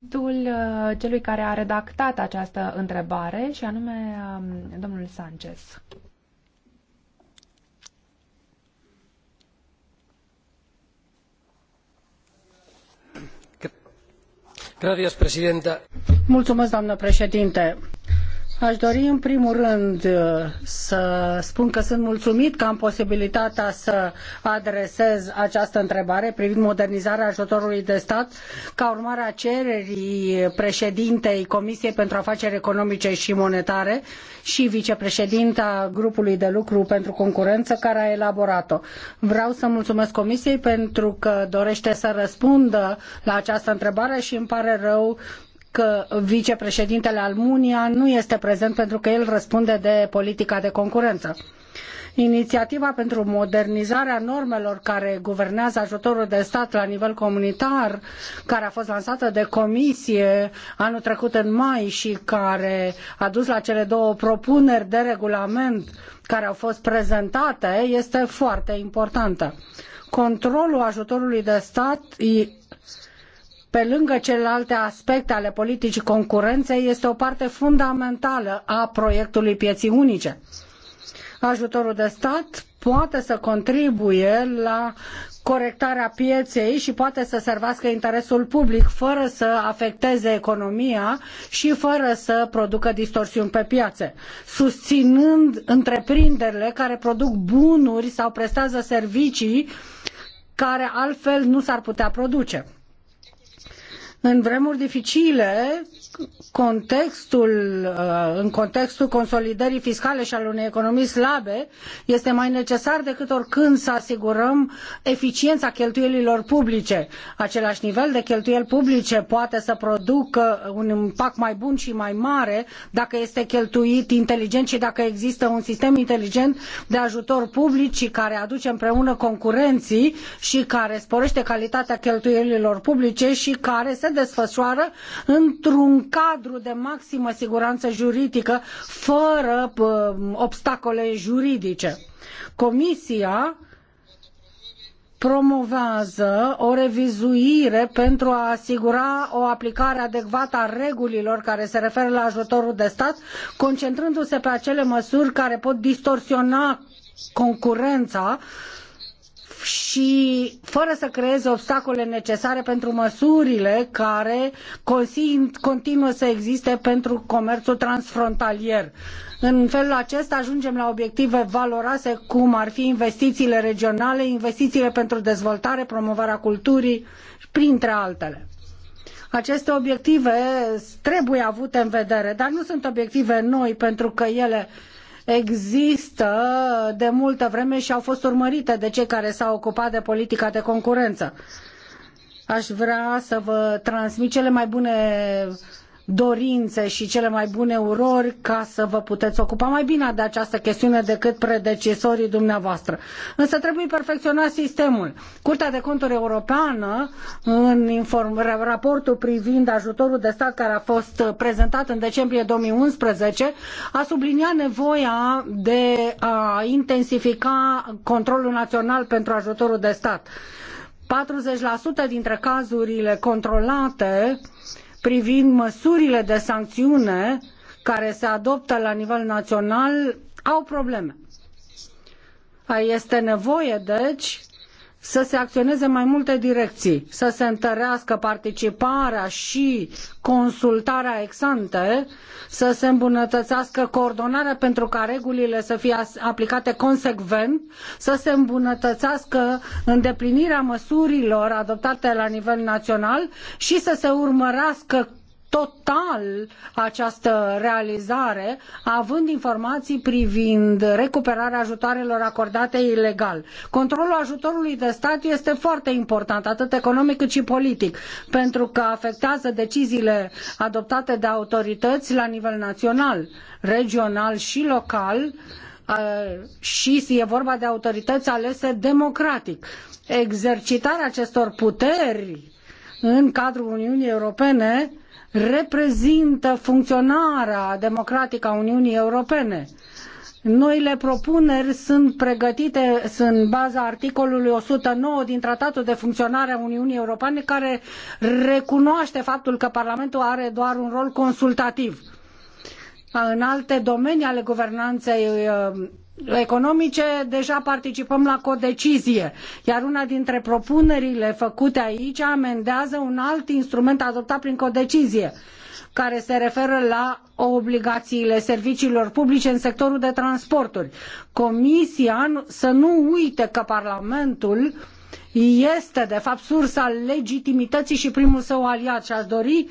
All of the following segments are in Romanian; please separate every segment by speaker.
Speaker 1: Dul uh, celui care a redactat această întrebare și anume um, domnul Sanchez.
Speaker 2: Mulțumesc, doamnă președinte Aș dori în primul rând uh, să spun că sunt mulțumit că am posibilitatea să adresez această întrebare privind modernizarea ajutorului de stat ca urmare a cererii președintei Comisiei pentru Afaceri Economice și Monetare și vicepreședinta grupului de lucru pentru concurență care a elaborat-o. Vreau să mulțumesc Comisiei pentru că dorește să răspundă la această întrebare și îmi pare rău că vicepreședintele Almunia nu este prezent pentru că el răspunde de politica de concurență. Inițiativa pentru modernizarea normelor care guvernează ajutorul de stat la nivel comunitar, care a fost lansată de comisie anul trecut în mai și care a dus la cele două propuneri de regulament care au fost prezentate, este foarte importantă. Controlul ajutorului de stat pe lângă celelalte aspecte ale politicii concurenței, este o parte fundamentală a proiectului pieții unice. Ajutorul de stat poate să contribuie la corectarea pieței și poate să servească interesul public fără să afecteze economia și fără să producă distorsiuni pe piațe, susținând întreprinderile care produc bunuri sau prestează servicii care altfel nu s-ar putea produce în vremuri dificile, contextul, uh, în contextul consolidării fiscale și al unei economii slabe, este mai necesar decât oricând să asigurăm eficiența cheltuielilor publice. Același nivel de cheltuieli publice poate să producă un impact mai bun și mai mare dacă este cheltuit inteligent și dacă există un sistem inteligent de ajutor public și care aduce împreună concurenții și care sporește calitatea cheltuielilor publice și care se se desfășoară într-un cadru de maximă siguranță juridică, fără obstacole juridice. Comisia promovează o revizuire pentru a asigura o aplicare adecvată a regulilor care se referă la ajutorul de stat, concentrându-se pe acele măsuri care pot distorsiona concurența și fără să creeze obstacole necesare pentru măsurile care continuă să existe pentru comerțul transfrontalier. În felul acesta ajungem la obiective valoroase cum ar fi investițiile regionale, investițiile pentru dezvoltare, promovarea culturii, printre altele. Aceste obiective trebuie avute în vedere, dar nu sunt obiective noi pentru că ele există de multă vreme și au fost urmărite de cei care s-au ocupat de politica de concurență. Aș vrea să vă transmit cele mai bune dorințe și cele mai bune urori ca să vă puteți ocupa mai bine de această chestiune decât predecesorii dumneavoastră. Însă trebuie perfecționat sistemul. Curtea de Conturi Europeană, în raportul privind ajutorul de stat care a fost prezentat în decembrie 2011, a subliniat nevoia de a intensifica controlul național pentru ajutorul de stat. 40% dintre cazurile controlate privind măsurile de sancțiune care se adoptă la nivel național au probleme. Este nevoie, deci, să se acționeze mai multe direcții, să se întărească participarea și consultarea ex-ante, să se îmbunătățească coordonarea pentru ca regulile să fie aplicate consecvent, să se îmbunătățească îndeplinirea măsurilor adoptate la nivel național și să se urmărească total această realizare, având informații privind recuperarea ajutoarelor acordate ilegal. Controlul ajutorului de stat este foarte important, atât economic cât și politic, pentru că afectează deciziile adoptate de autorități la nivel național, regional și local și e vorba de autorități alese democratic. Exercitarea acestor puteri în cadrul Uniunii Europene reprezintă funcționarea democratică a Uniunii Europene. Noile propuneri sunt pregătite în baza articolului 109 din Tratatul de Funcționare a Uniunii Europene, care recunoaște faptul că Parlamentul are doar un rol consultativ. În alte domenii ale guvernanței economice, deja participăm la codecizie, iar una dintre propunerile făcute aici amendează un alt instrument adoptat prin codecizie care se referă la obligațiile serviciilor publice în sectorul de transporturi. Comisia să nu uite că Parlamentul este de fapt sursa legitimității și primul său aliat și aș dori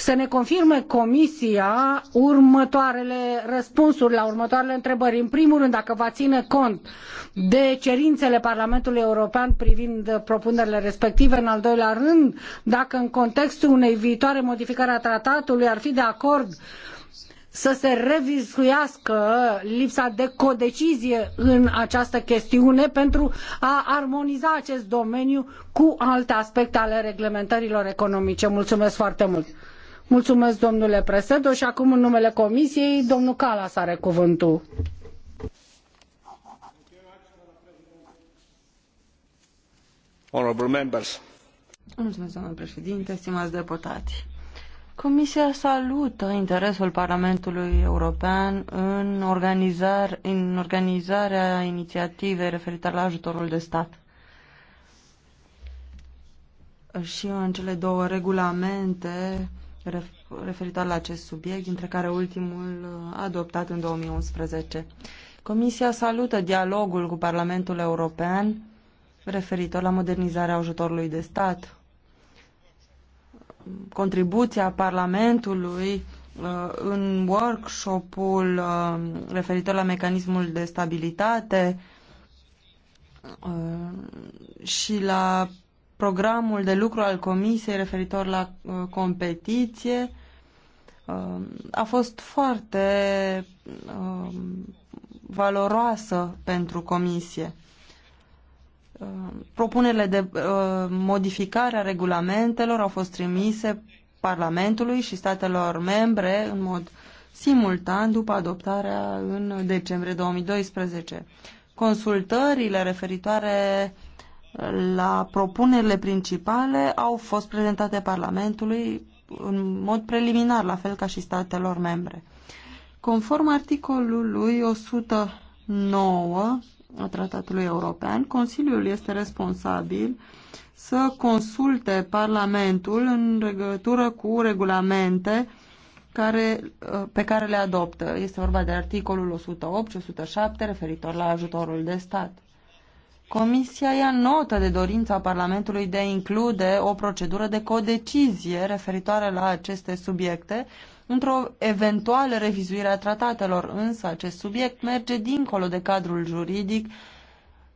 Speaker 2: să ne confirme Comisia următoarele răspunsuri la următoarele întrebări. În primul rând, dacă va ține cont de cerințele Parlamentului European privind propunerile respective, în al doilea rând, dacă în contextul unei viitoare modificări a tratatului ar fi de acord să se revizuiască lipsa de codecizie în această chestiune pentru a armoniza acest domeniu cu alte aspecte ale reglementărilor economice. Mulțumesc foarte mult! Mulțumesc, domnule Presedo, și acum în numele Comisiei, domnul Calas are cuvântul. Honorable members.
Speaker 3: Mulțumesc, doamnă președinte, stimați deputați. Comisia salută interesul Parlamentului European în, organizar, în organizarea inițiativei referitoare la ajutorul de stat. Și în cele două regulamente referitor la acest subiect, dintre care ultimul uh, adoptat în 2011. Comisia salută dialogul cu Parlamentul European referitor la modernizarea ajutorului de stat. Contribuția Parlamentului uh, în workshopul uh, referitor la mecanismul de stabilitate și la programul de lucru al Comisiei referitor la uh, competiție um, a fost foarte um, valoroasă pentru Comisie. Um, propunerile de uh, modificare a regulamentelor au fost trimise Parlamentului și statelor membre în mod simultan după adoptarea în decembrie 2012. Consultările referitoare la propunerile principale au fost prezentate Parlamentului în mod preliminar, la fel ca și statelor membre. Conform articolului 109 a Tratatului European, Consiliul este responsabil să consulte Parlamentul în legătură cu regulamente care, pe care le adoptă. Este vorba de articolul 108 107 referitor la ajutorul de stat. Comisia ia notă de dorința Parlamentului de a include o procedură de codecizie referitoare la aceste subiecte într-o eventuală revizuire a tratatelor, însă acest subiect merge dincolo de cadrul juridic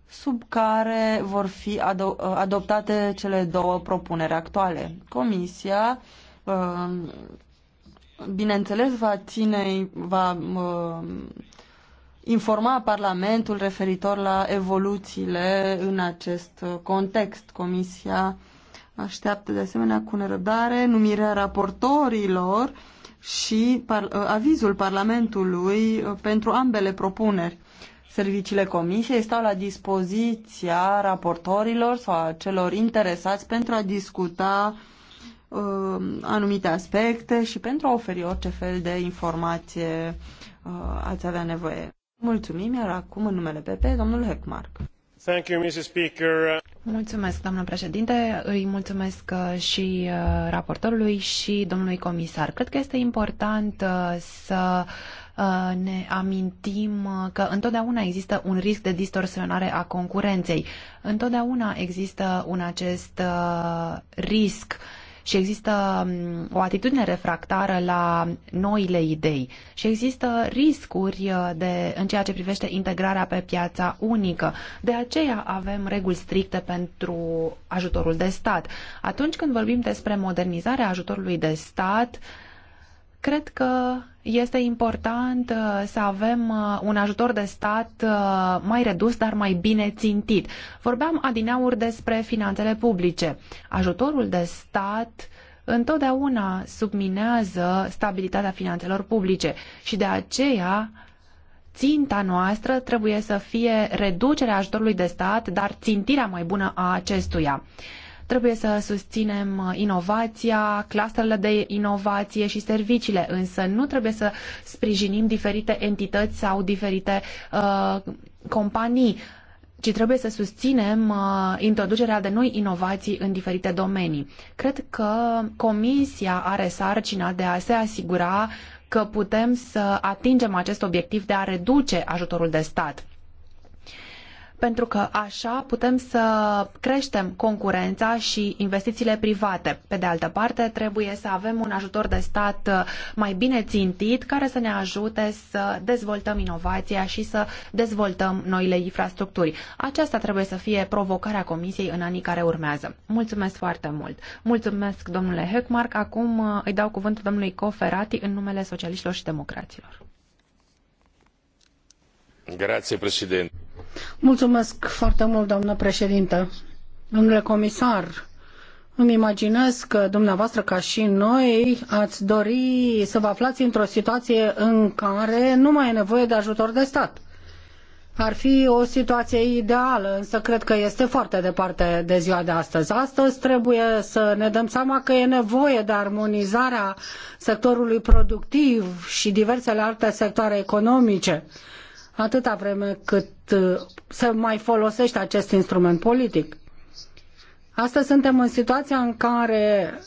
Speaker 3: sub care vor fi ado adoptate cele două propuneri actuale. Comisia, uh, bineînțeles, va ține, va uh, informa Parlamentul referitor la evoluțiile în acest uh, context. Comisia așteaptă de asemenea cu nerăbdare numirea raportorilor și par, uh, avizul Parlamentului uh, pentru ambele propuneri. Serviciile Comisiei stau la dispoziția raportorilor sau a celor interesați pentru a discuta uh, anumite aspecte și pentru a oferi orice fel de informație uh, ați avea
Speaker 1: nevoie. Mulțumim, iar acum în numele PP, domnul Heckmark. Thank you, Mrs. Speaker. Mulțumesc, doamnă președinte. Îi mulțumesc uh, și uh, raportorului și domnului comisar. Cred că este important uh, să ne amintim că întotdeauna există un risc de distorsionare a concurenței. Întotdeauna există un acest risc și există mm, o atitudine refractară la noile idei și există riscuri uh, de, în ceea ce privește integrarea pe piața unică. De aceea avem reguli stricte pentru ajutorul de stat. Atunci când vorbim despre modernizarea ajutorului de stat, cred că este important uh, să avem uh, un ajutor de stat uh, mai redus, dar mai bine țintit. Vorbeam adineauri despre finanțele publice. Ajutorul de stat întotdeauna subminează stabilitatea finanțelor publice și de aceea ținta noastră trebuie să fie reducerea ajutorului de stat, dar țintirea mai bună a acestuia. Trebuie să susținem uh, inovația, clusterele de inovație și serviciile, însă nu trebuie să sprijinim diferite entități sau diferite uh, companii ci trebuie să susținem uh, introducerea de noi inovații în diferite domenii. Cred că Comisia are sarcina de a se asigura că putem să atingem acest obiectiv de a reduce ajutorul de stat pentru că așa putem să creștem concurența și investițiile private. Pe de altă parte, trebuie să avem un ajutor de stat uh, mai bine țintit care să ne ajute să dezvoltăm inovația și să dezvoltăm noile infrastructuri. Aceasta trebuie să fie provocarea Comisiei în anii care urmează. Mulțumesc foarte mult! Mulțumesc, domnule Höckmark. Acum uh, îi dau cuvântul domnului Coferati în numele socialiștilor și democraților.
Speaker 3: Grazie, președinte.
Speaker 2: Mulțumesc foarte mult, doamnă președintă. Domnule comisar, îmi imaginez că dumneavoastră, ca și noi, ați dori să vă aflați într-o situație în care nu mai e nevoie de ajutor de stat. Ar fi o situație ideală, însă cred că este foarte departe de ziua de astăzi. Astăzi trebuie să ne dăm seama că e nevoie de armonizarea sectorului productiv și diversele alte sectoare economice atâta vreme cât uh, se mai folosește acest instrument politic. Astăzi suntem în situația în care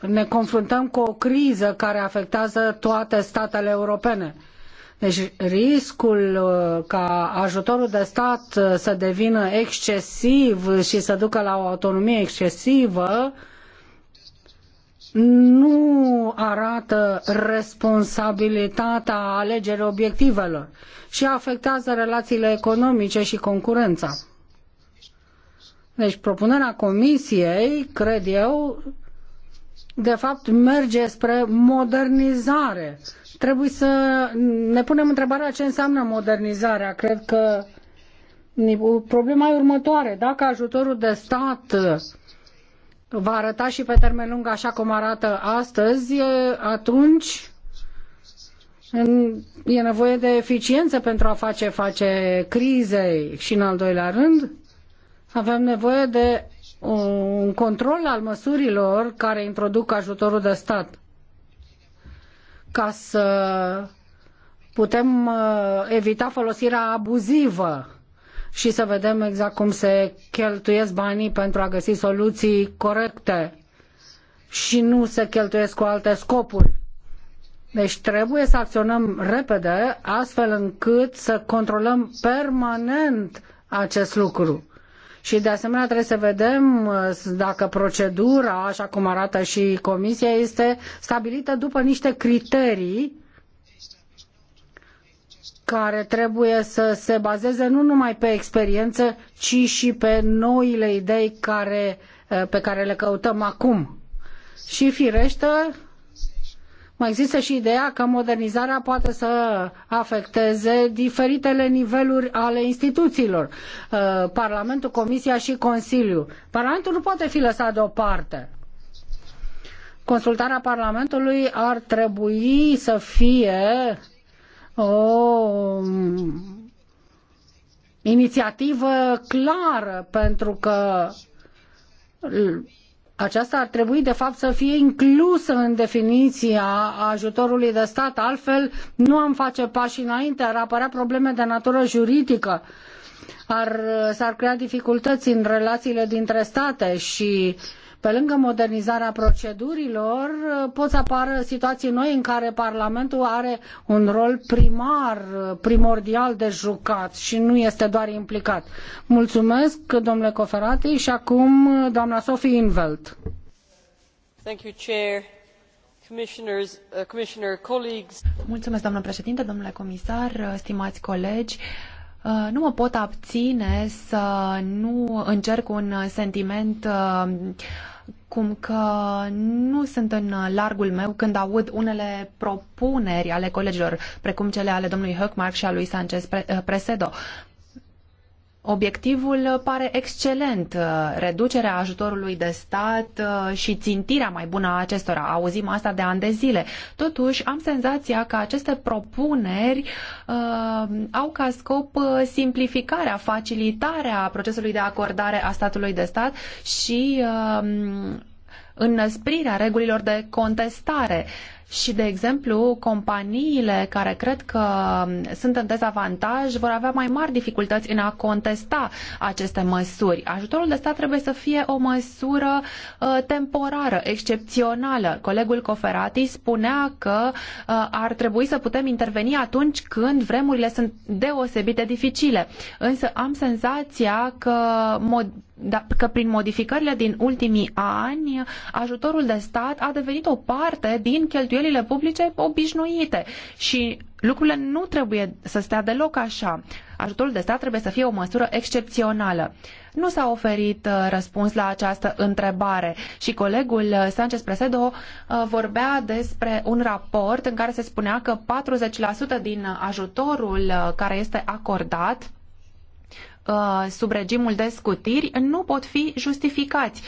Speaker 2: ne confruntăm cu o criză care afectează toate statele europene. Deci riscul uh, ca ajutorul de stat uh, să devină excesiv și să ducă la o autonomie excesivă uh, nu arată responsabilitatea alegerii obiectivelor și afectează relațiile economice și concurența. Deci propunerea comisiei, cred eu, de fapt merge spre modernizare. Trebuie să ne punem întrebarea ce înseamnă modernizarea. Cred că problema e următoare. Dacă ajutorul de stat va arăta și pe termen lung așa cum arată astăzi, atunci e nevoie de eficiență pentru a face face crizei și în al doilea rând avem nevoie de un control al măsurilor care introduc ajutorul de stat ca să putem uh, evita folosirea abuzivă și să vedem exact cum se cheltuiesc banii pentru a găsi soluții corecte și nu se cheltuiesc cu alte scopuri. Deci trebuie să acționăm repede astfel încât să controlăm permanent acest lucru. Și de asemenea trebuie să vedem uh, dacă procedura, așa cum arată și comisia, este stabilită după niște criterii care trebuie să se bazeze nu numai pe experiență, ci și pe noile idei care, eh, pe care le căutăm acum. Și firește, mai există și ideea că modernizarea poate să afecteze diferitele niveluri ale instituțiilor, eh, Parlamentul, Comisia și Consiliu. Parlamentul nu poate fi lăsat deoparte. Consultarea Parlamentului ar trebui să fie o mm, inițiativă clară, pentru că aceasta ar trebui, de fapt, să fie inclusă în definiția ajutorului de stat, altfel nu am face pași înainte, ar apărea probleme de natură juridică, ar, s-ar crea dificultăți în relațiile dintre state și uh, pe lângă modernizarea procedurilor, pot să apară situații noi în care Parlamentul are un rol primar, primordial de jucat și nu este doar implicat. Mulțumesc, domnule Coferati, și acum doamna Sophie Invelt.
Speaker 3: Thank you, Chair. Uh,
Speaker 1: Mulțumesc, doamnă președinte, domnule comisar, stimați colegi. Uh, nu mă pot abține să nu încerc un sentiment uh, cum că nu sunt în largul meu când aud unele propuneri ale colegilor, precum cele ale domnului Höckmark și a lui Sanchez uh, Presedo. Obiectivul pare excelent, uh, reducerea ajutorului de stat uh, și țintirea mai bună a acestora. Auzim asta de ani de zile. Totuși, am senzația că aceste propuneri uh, au ca scop uh, simplificarea, facilitarea procesului de acordare a statului de stat și uh, înăsprirea regulilor de contestare. Uh, și, de exemplu, companiile care cred că sunt în dezavantaj vor avea mai mari dificultăți în a contesta aceste măsuri. Ajutorul de stat trebuie să fie o măsură uh, temporară, excepțională. Colegul Coferati spunea că uh, ar trebui să putem interveni atunci când vremurile sunt deosebit de dificile. Însă am senzația că mod- da, că prin modificările din ultimii ani ajutorul de stat a devenit o parte din cheltuielile publice obișnuite și lucrurile nu trebuie să stea deloc așa. Ajutorul de stat trebuie să fie o măsură excepțională. Nu s-a oferit uh, răspuns la această întrebare și colegul uh, Sanchez Presedo uh, vorbea despre un raport în care se spunea că 40% din ajutorul care este acordat sub regimul de scutiri nu pot fi justificați.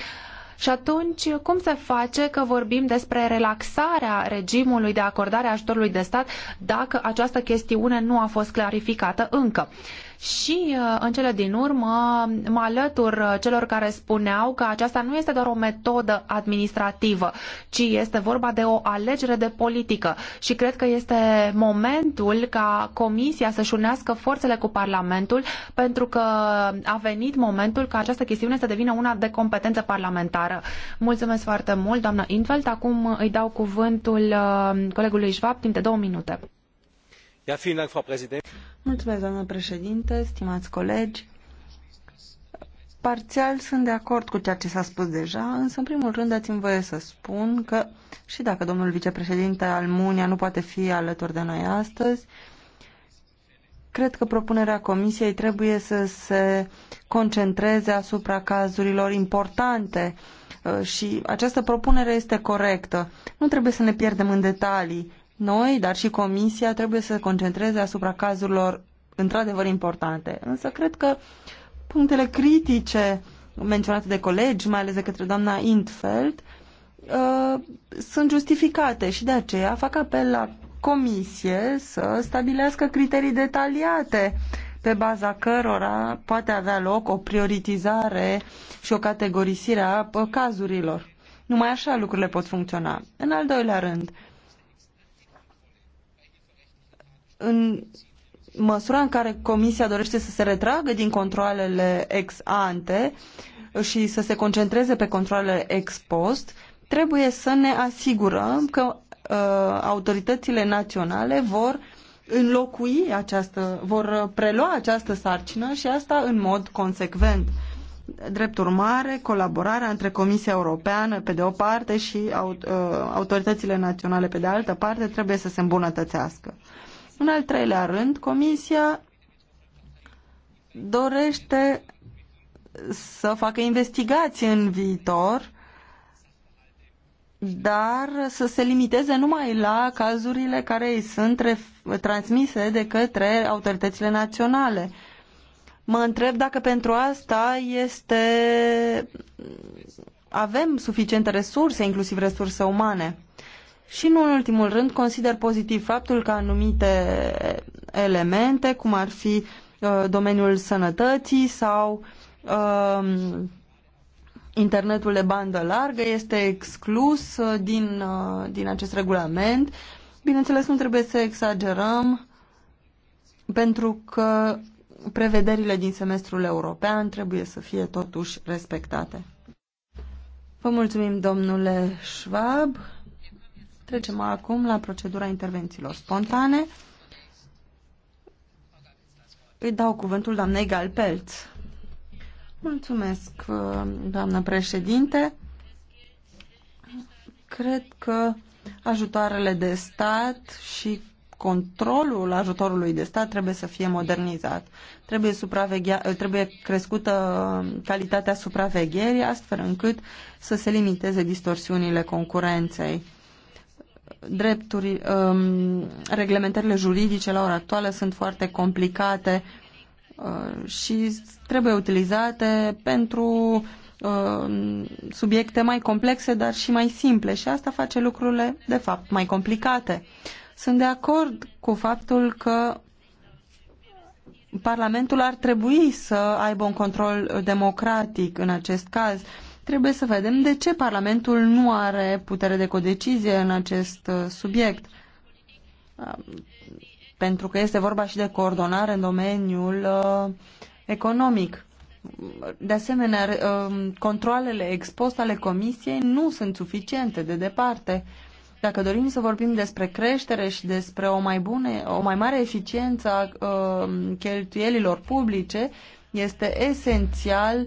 Speaker 1: Și atunci, cum se face că vorbim despre relaxarea regimului de acordare a ajutorului de stat dacă această chestiune nu a fost clarificată încă? Și uh, în cele din urmă mă alătur uh, celor care spuneau că aceasta nu este doar o metodă administrativă, ci este vorba de o alegere de politică și cred că este momentul ca Comisia să-și unească forțele cu Parlamentul pentru că a venit momentul ca această chestiune să devină una de competență parlamentară. Mulțumesc foarte mult, doamnă Infeld. Acum îi dau cuvântul uh, colegului Schwab timp de două minute.
Speaker 2: Mulțumesc,
Speaker 3: președinte, colegi. Parțial sunt de acord cu ceea ce s-a spus deja, însă în primul rând dați-mi voie să spun că și dacă domnul vicepreședinte Almunia nu poate fi alături de noi astăzi, cred că propunerea comisiei trebuie să se concentreze asupra cazurilor importante uh, și această propunere este corectă. Nu trebuie să ne pierdem în detalii noi, dar și Comisia, trebuie să se concentreze asupra cazurilor într-adevăr importante. Însă cred că punctele critice menționate de colegi, mai ales de către doamna Intfeld, uh, sunt justificate și de aceea fac apel la Comisie să stabilească criterii detaliate pe baza cărora poate avea loc o prioritizare și o categorisire a cazurilor. Numai așa lucrurile pot funcționa. În al doilea rând, uh, în măsura în care Comisia dorește să se retragă din controlele ex ante și să se concentreze pe controlele ex post, trebuie să ne asigurăm că uh, autoritățile naționale vor înlocui această, vor prelua această sarcină și asta în mod consecvent. Drept urmare, colaborarea între Comisia Europeană pe de o parte și aut, uh, autoritățile naționale pe de altă parte trebuie să se îmbunătățească. În al treilea rând, Comisia dorește să facă investigații în viitor, dar să se limiteze numai la cazurile care îi sunt transmise de către autoritățile naționale. Mă întreb dacă pentru asta este avem suficiente resurse, inclusiv resurse umane. Și nu în ultimul rând, consider pozitiv faptul că anumite elemente, cum ar fi uh, domeniul sănătății sau uh, internetul de bandă largă, este exclus uh, din, uh, din acest regulament. Bineînțeles, nu trebuie să exagerăm, pentru că prevederile din semestrul european trebuie să fie totuși respectate. Vă mulțumim, domnule Schwab. Trecem acum la procedura intervențiilor spontane. Îi dau cuvântul doamnei Galpelt. Mulțumesc, doamnă președinte. Cred că ajutoarele de stat și controlul ajutorului de stat trebuie să fie modernizat. Trebuie, trebuie crescută calitatea supravegherii astfel încât să se limiteze distorsiunile concurenței drepturi, um, reglementările juridice la ora actuală sunt foarte complicate uh, și trebuie utilizate pentru uh, subiecte mai complexe, dar și mai simple și asta face lucrurile, de fapt, mai complicate. Sunt de acord cu faptul că Parlamentul ar trebui să aibă un control democratic în acest caz. Uh, Trebuie să vedem de ce Parlamentul nu are putere de codecizie în acest uh, subiect. Um, pentru că este vorba și de coordonare în domeniul uh, economic. De asemenea, um, controlele expost ale Comisiei nu sunt suficiente de departe. Dacă dorim să vorbim despre creștere și despre o mai, bune, o mai mare eficiență a um, cheltuielilor publice, este esențial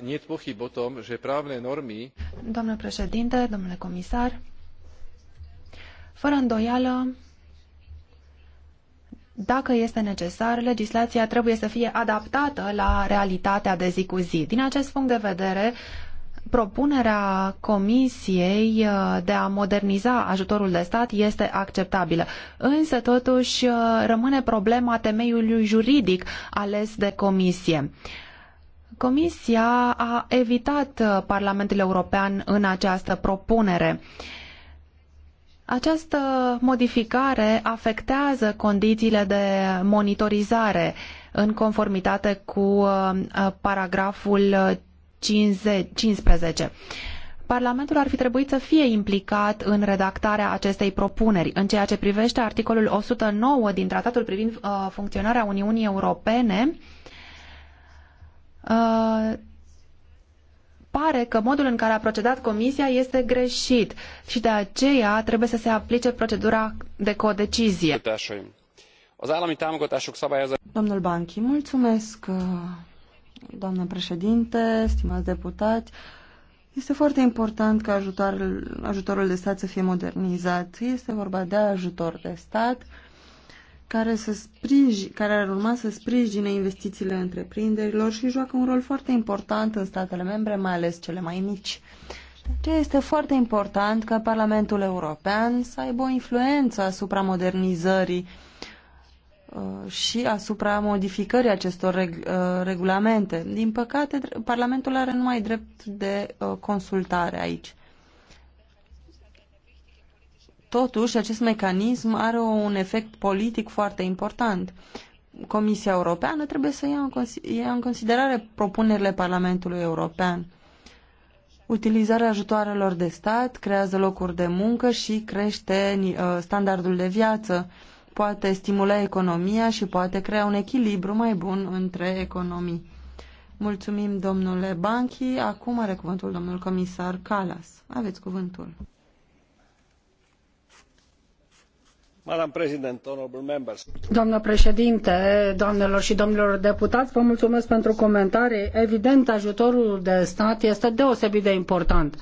Speaker 4: niet pochýb o tom že právne normy
Speaker 1: președinte, domnule comisar, fără îndoială, dacă este necesar, legislația trebuie să fie adaptată la realitatea de zi cu zi. Din acest punct de vedere, propunerea Comisiei uh, de a moderniza ajutorul de stat este acceptabilă, însă totuși uh, rămâne problema temeiului juridic ales de Comisie. Comisia a evitat uh, Parlamentul European în această propunere. Această modificare afectează condițiile de monitorizare în conformitate cu paragraful 2015. Parlamentul ar fi trebuit să fie implicat în redactarea acestei propuneri. În ceea ce privește articolul 109 din tratatul privind uh, funcționarea Uniunii Europene, uh, pare că modul în care a procedat Comisia este greșit și de aceea trebuie să se aplice procedura de codecizie. Domnul Banchi, mulțumesc uh, Doamnă
Speaker 3: președinte, stimați deputați, este foarte important ca ajutorul, ajutorul de stat să fie modernizat. Este vorba de ajutor de stat care, să spriji, care ar urma să sprijine investițiile întreprinderilor și joacă un rol foarte important în statele membre, mai ales cele mai mici. Ce este foarte important ca Parlamentul European să aibă o influență asupra modernizării uh, Uh, și asupra modificării acestor reg uh, regulamente. Din păcate, Parlamentul are numai drept de uh, consultare aici. Totuși, acest mecanism are un efect politic foarte important. Comisia Europeană trebuie să ia în, considerare propunerile Parlamentului European. Utilizarea ajutoarelor de stat creează locuri de muncă și crește standardul de viață poate stimula economia și poate crea un echilibru mai bun între economii. Mulțumim, domnule Banchi. Acum are cuvântul domnul comisar Calas. Aveți cuvântul.
Speaker 2: doamnă președinte doamnelor și domnilor deputați vă mulțumesc pentru comentarii. evident ajutorul de stat este deosebit de important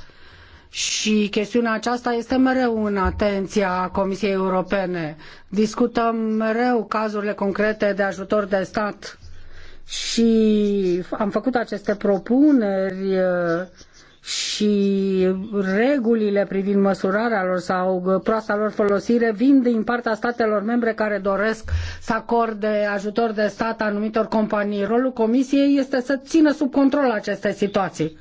Speaker 2: și chestiunea aceasta este mereu în atenția Comisiei Europene. Discutăm mereu cazurile concrete de ajutor de stat și am făcut aceste propuneri uh, și regulile privind măsurarea lor sau proasta lor folosire vin din partea statelor membre care doresc să acorde ajutor de stat anumitor companii. Rolul Comisiei este să țină sub control aceste situații.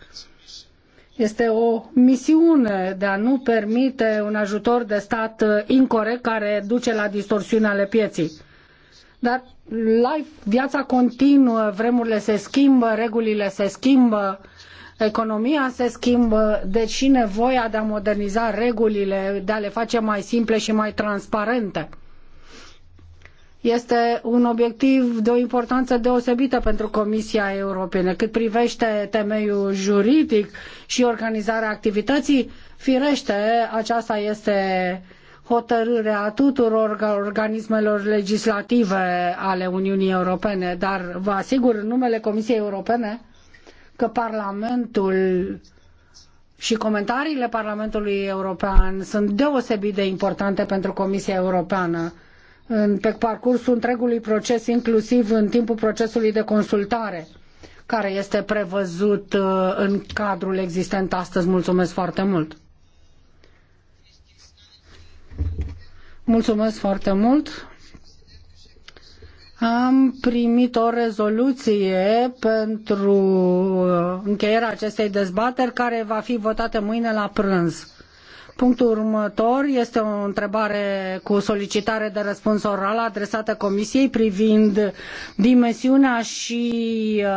Speaker 2: Este o misiune de a nu permite un ajutor de stat uh, incorrect care duce la distorsiune ale pieții. Dar life, viața continuă, vremurile se schimbă, regulile se schimbă, economia se schimbă, deci și nevoia de a moderniza regulile, de a le face mai simple și mai transparente este un obiectiv de o importanță deosebită pentru Comisia Europeană. Cât privește temeiul juridic și organizarea activității, firește, aceasta este hotărârea tuturor organismelor legislative ale Uniunii Europene, dar vă asigur în numele Comisiei Europene că Parlamentul și comentariile Parlamentului European sunt deosebit de importante pentru Comisia Europeană pe parcursul întregului proces, inclusiv în timpul procesului de consultare care este prevăzut uh, în cadrul existent astăzi. Mulțumesc foarte mult! Mulțumesc foarte mult! Am primit o rezoluție pentru uh, încheierea acestei dezbateri care va fi votată mâine la prânz. Punctul următor este o întrebare cu solicitare de răspuns oral adresată Comisiei privind dimensiunea și uh,